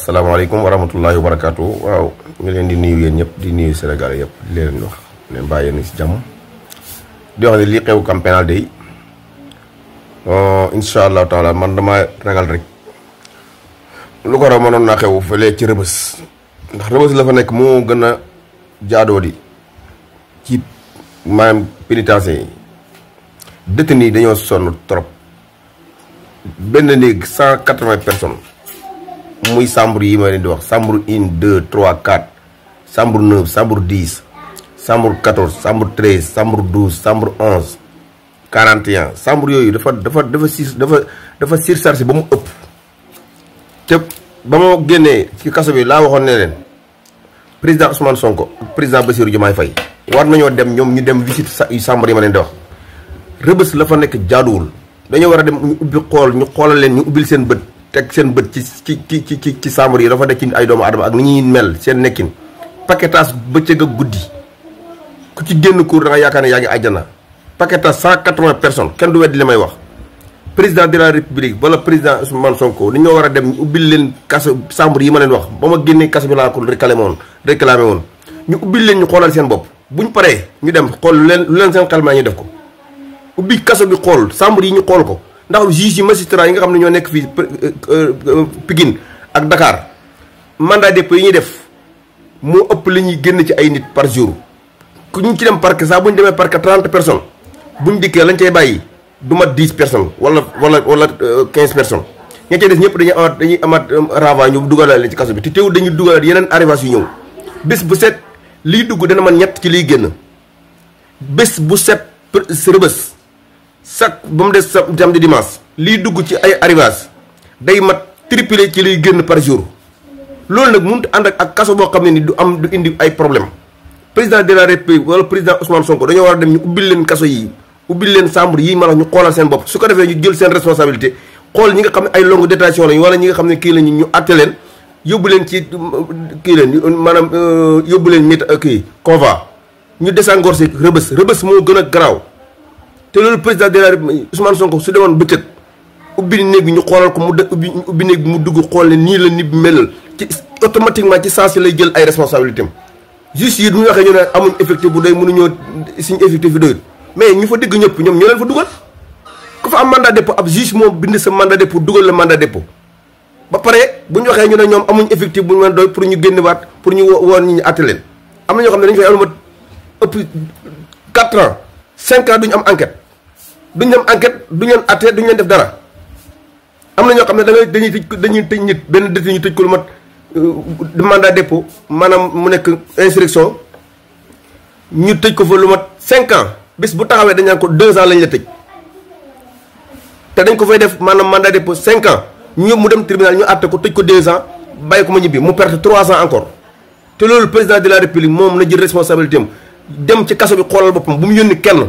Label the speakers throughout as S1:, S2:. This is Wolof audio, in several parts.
S1: salaamaaleykum wa rahmatullahi wa barakaatu waaw ñu leen di nuyu yéen ñëpp di nuyu Sénégal yëpp di leen wax leen bàyyi yéen ci jàmm di wax ne li xew camp pénal day euh, incha allah taala man dama ragal rek lu ko raw mënoon naa xew fële ci rëbës ndax rëbës la fa nekk moo gën a jaadoo di ci maanaam pénitencier yi détenu yi dañoo sonn trop benn néeg cent quatre-vingts personnes muy chambre yi ma leen di wax chambre une deux trois quatre chambre neuf chambre dix chambre quatorze chambre treize chambre douze chambre onze quarante et un yooyu dafa dafa dafa si dafa dafa surchargé ba mu ëpp te ba ma génnee ci kaso bi laa waxoon ne leen président Ousmane Sonko président Bassirou Diomaye fay war nañoo dem ñoom ñu dem visite chambre yi ma leen di wax rëbës la fa nekk jaaduwul dañoo war a dem ñu ubbi xool ñu xoolal leen ñu ubbil seen bët teg seen bët ci ci ci ci ci chambre yi dafa nekk ci ay doomu adama ak ni ñuy mel seen nekkin paquetage bëccëg ak guddi ku ci génn cour da yaakaar ne yaa ngi àjjana paquetage cent quatre-vingts personnes kenn du weddi li may wax président de la république wala président Ousmane Sonko ni ñoo war a dem ubbil leen kaso chambre yi ma leen wax ba ma génnee kaso bi laa ko réclamé woon réclamé woon ñu ubbil leen ñu xoolal seen bopp bu ñu paree ñu dem xool lu leen lu leen seen def ko ubbi kaso bi xool chambre yi ñu xool ko ndax juge yi magistrat yi nga xam ne ñoo nekk fii euh, euh, euh, Pikine ak dakaar mandat dépôt yi ñuy def moo ëpp li ñuy génn ci ay nit par jour ku ñu ci dem parquet saa bu ñu demee parquet trente personnes bu ñu dikkee lañ cay bàyyi du mat dix personnes wala wala wala quinze personnes ña cay des ñëpp dañuy amaat dañuy amaat ravage ñu dugalaale leen ci kaso bi te teewul dañuy dugalaat yeneen arrivage yu ñëw bés bu set liy dugg dana man ñett ci liy génn bés bu set rëbës chaque ba mu des samedi dimanche liy dugg ci ay arrivage day mat triplé ci liy génn par jour loolu nag mënut ànd ak kaso boo xam ne ni du am du indi ay problème président de la république wala président Ousmane Sonko dañoo war a dem ñu ubbil leen kaso yi ubbil leen chambre yi ma la ñu xoolal seen bopp su ko defee ñu jël seen responsabilité xool ñi nga xam ne ay longue détention lañu wala ñi nga xam ne kii lañu ñu àtte leen yóbbu leen ci kii leen maanaam euh, yóbbu leen mit euh, kii convoi ñu désengorger Rebeuss Rebeuss moo gën a garaaw te loolu président de la République Ousmane Sonko su demoon bëccëg ubbi néeg bi ñu xoolal ko mu de ubbi ubbi néeg bi mu dugg xool ne nii la nit melal ci automatiquement ci sens yi lay jël ay responsabilités am juste yi bu ñu waxee ñu ne amuñ effectif bu doy mënuñoo suñu effectif bi doyul mais ñu fa digg ñëpp ñoom ñoo leen fa dugal ku fa am mandat dépôt ab juge moom bind sa mandat dépôt dugal la mandat dépôt ba pare bu ñu waxee ñu ne ñoom amuñ effectif bu ñu mën doy pour ñu génn pour ñu woo woon ñu àtte leen ñoo xam ne dañu fay am lu ma ëpp duñu am enquête duñ dem enquête duñ leen atte duñ def dara am na ñoo xam ne da ngay dañuy tëj dañuy tëj nit benn détenu ñu tëj ko lu mat euh, mandat dépôt maanaam mu nekk instruction ñu tëj ko fa lu mat cinq bis bu taxawee dañ naan ko deux ans lañ la tëj te dañ ko fay def maanaam mandat dépôt cinq ans ñu mu dem tribunal ñu àtte ko tëj ko deux ans bàyyi ko ma ñibbi mu perte trois ans encore te loolu président de la république moom na jël responsabilité am dem ci kaso bi xoolal boppam bu mu yónni kenn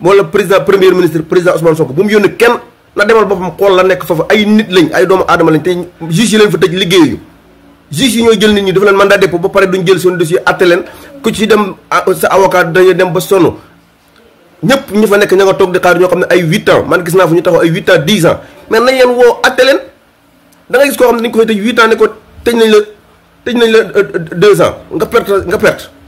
S1: wala président premier ministre président Ousmane Sonko bu mu yónni kenn na demal boppam xool la nekk foofu ay nit lañ ay doomu aadama lañ te juge yi lañ fa tëj liggéeyuñu juge yi ñoo jël nit ñi dafa leen mandat dépôt ba pare duñ jël seen dossier àtte leen ku ci dem sa avocat dañuy dem ba sonn ñëpp ñu fa nekk ña nga toog di xaar ñoo xam ne ay huit ans man gis naa fu ñu taxaw ay huit ans dix ans mais nañ leen woo àtte leen da gis koo xam ne dañ ko fay tëj huit ne ko tëj nañ la tëj nañ la euh, euh,
S2: deux ans nga perte nga perte